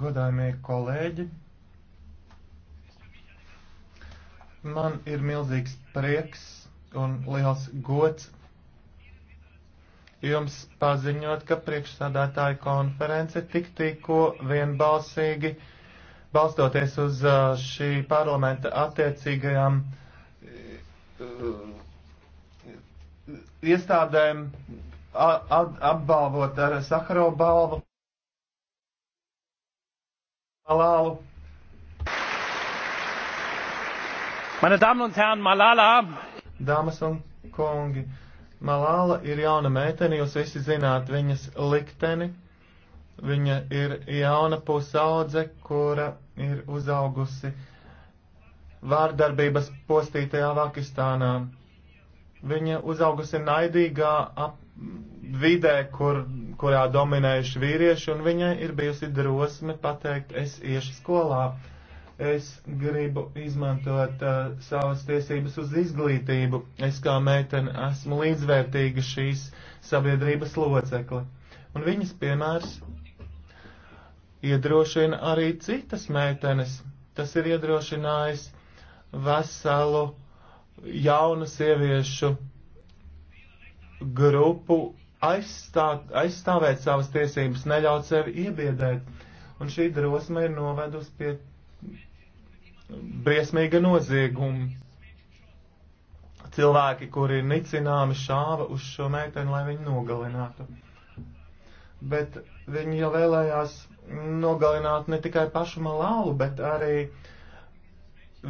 Godājumie kolēģi, man ir milzīgs prieks un liels gods jums paziņot, ka priekšsādātāja konference tik tikko vienbalsīgi, balstoties uz uh, šī parlamenta attiecīgajām uh, iestādēm, apbalvot ar Sakaro balvu. Malālu. Meine Damen un Herren, Malala! Dāmas un kungi, Malāla ir jauna meitene, jūs visi zināt viņas likteni. Viņa ir jauna pusaudze, kura ir uzaugusi vārdarbības postītajā Pakistānā. Viņa uzaugusi naidīgā ap vidē, kur kurā dominējuši vīrieši, un viņai ir bijusi drosme pateikt, es iešu skolā, es gribu izmantot uh, savas tiesības uz izglītību, es kā meitene esmu līdzvērtīga šīs sabiedrības locekle. Un viņas piemērs iedrošina arī citas meitenes. Tas ir iedrošinājis veselu jaunu sieviešu grupu aizstāt, aizstāvēt savas tiesības, neļaut sevi iebiedēt. Un šī drosme ir novedusi pie briesmīga nozieguma. Cilvēki, kuri nicināmi šāva uz šo meiteni, lai viņu nogalinātu. Bet viņi jau vēlējās nogalināt ne tikai pašu malālu, bet arī uh,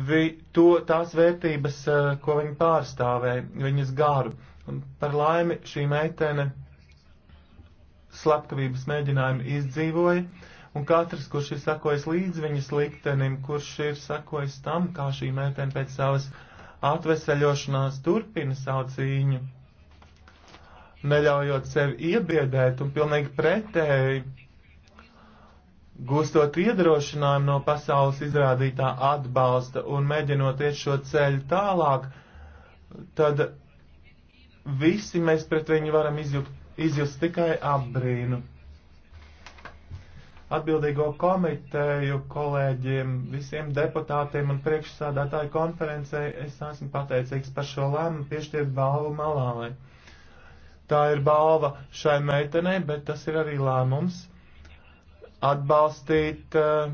vi, to, tās vērtības, eh, ko viņa pārstāvēja, viņas garu. Un par laimi šī meitene slepkavības mēģinājumu izdzīvoja, un katrs, kurš ir sakojis līdz viņas liktenim, kurš ir sakojis tam, kā šī meitene pēc savas atveseļošanās turpina savu cīņu, neļaujot sevi iebiedēt un pilnīgi pretēji gūstot iedarošinājumu no pasaules izrādītā atbalsta un mēģinot iet šo ceļu tālāk, tad visi mēs pret viņu varam izjūt, izjust tikai apbrīnu. Atbildīgo komiteju kolēģiem, visiem deputātiem un priekšsādātāju konferencē es esmu pateicīgs par šo lēmumu piešķirt balvu Malālai. Tā ir balva šai meitenei, bet tas ir arī lēmums atbalstīt uh,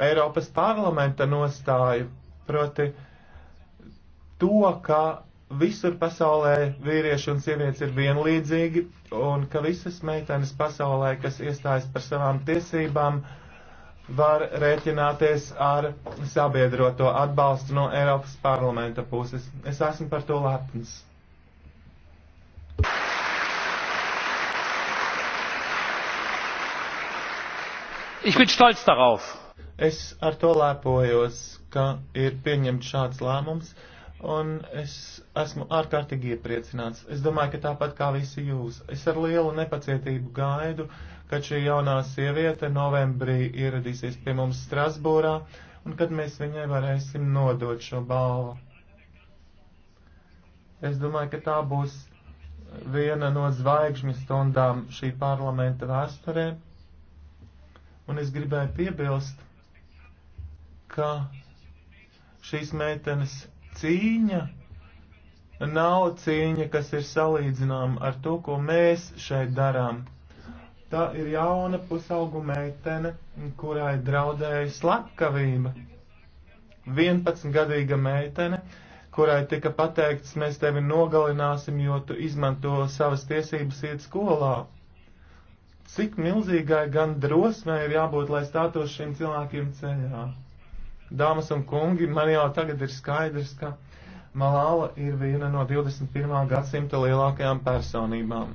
Eiropas parlamenta nostāju, proti to, ka visur pasaulē vīrieši un sievietes ir vienlīdzīgi un ka visas meitenes pasaulē, kas iestājas par savām tiesībām, var rēķināties ar sabiedroto atbalstu no Eiropas parlamenta puses. Es esmu par to lepns. Ich bin stolz darauf. Es ar to lepojos, ka ir pieņemts šāds lēmums, un es esmu ārkārtīgi iepriecināts. Es domāju, ka tāpat kā visi jūs, es ar lielu nepacietību gaidu, kad šī jaunā sieviete novembrī ieradīsies pie mums Strasbūrā, un kad mēs viņai varēsim nodot šo balvu. Es domāju, ka tā būs viena no zvaigžņu stundām šī parlamenta vēsturē Un es gribēju piebilst, ka šīs meitenes cīņa nav cīņa, kas ir salīdzināma ar to, ko mēs šeit darām. Tā ir jauna pusaugu meitene, kurai draudēja slepkavība. 11-gadīga meitene, kurai tika pateikts, mēs tevi nogalināsim, jo tu izmanto savas tiesības iet skolā cik milzīgai gan drosmei ir jābūt, lai stātos šiem cilvēkiem ceļā. Dāmas un kungi, man jau tagad ir skaidrs, ka Malāla ir viena no 21. gadsimta lielākajām personībām.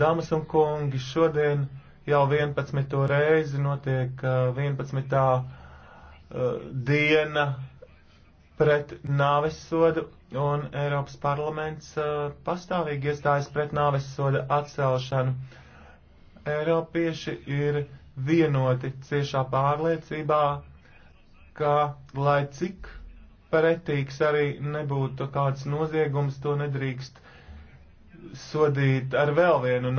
Dāmas un kungi, šodien jau 11. reizi notiek 11. Eh, eh, diena pret nāves sodu, un Eiropas parlaments uh, pastāvīgi iestājas pret nāves soda atcelšanu. Eiropieši ir vienoti ciešā pārliecībā, ka, lai cik pretīgs arī nebūtu kāds noziegums, to nedrīkst sodīt ar vēl vienu.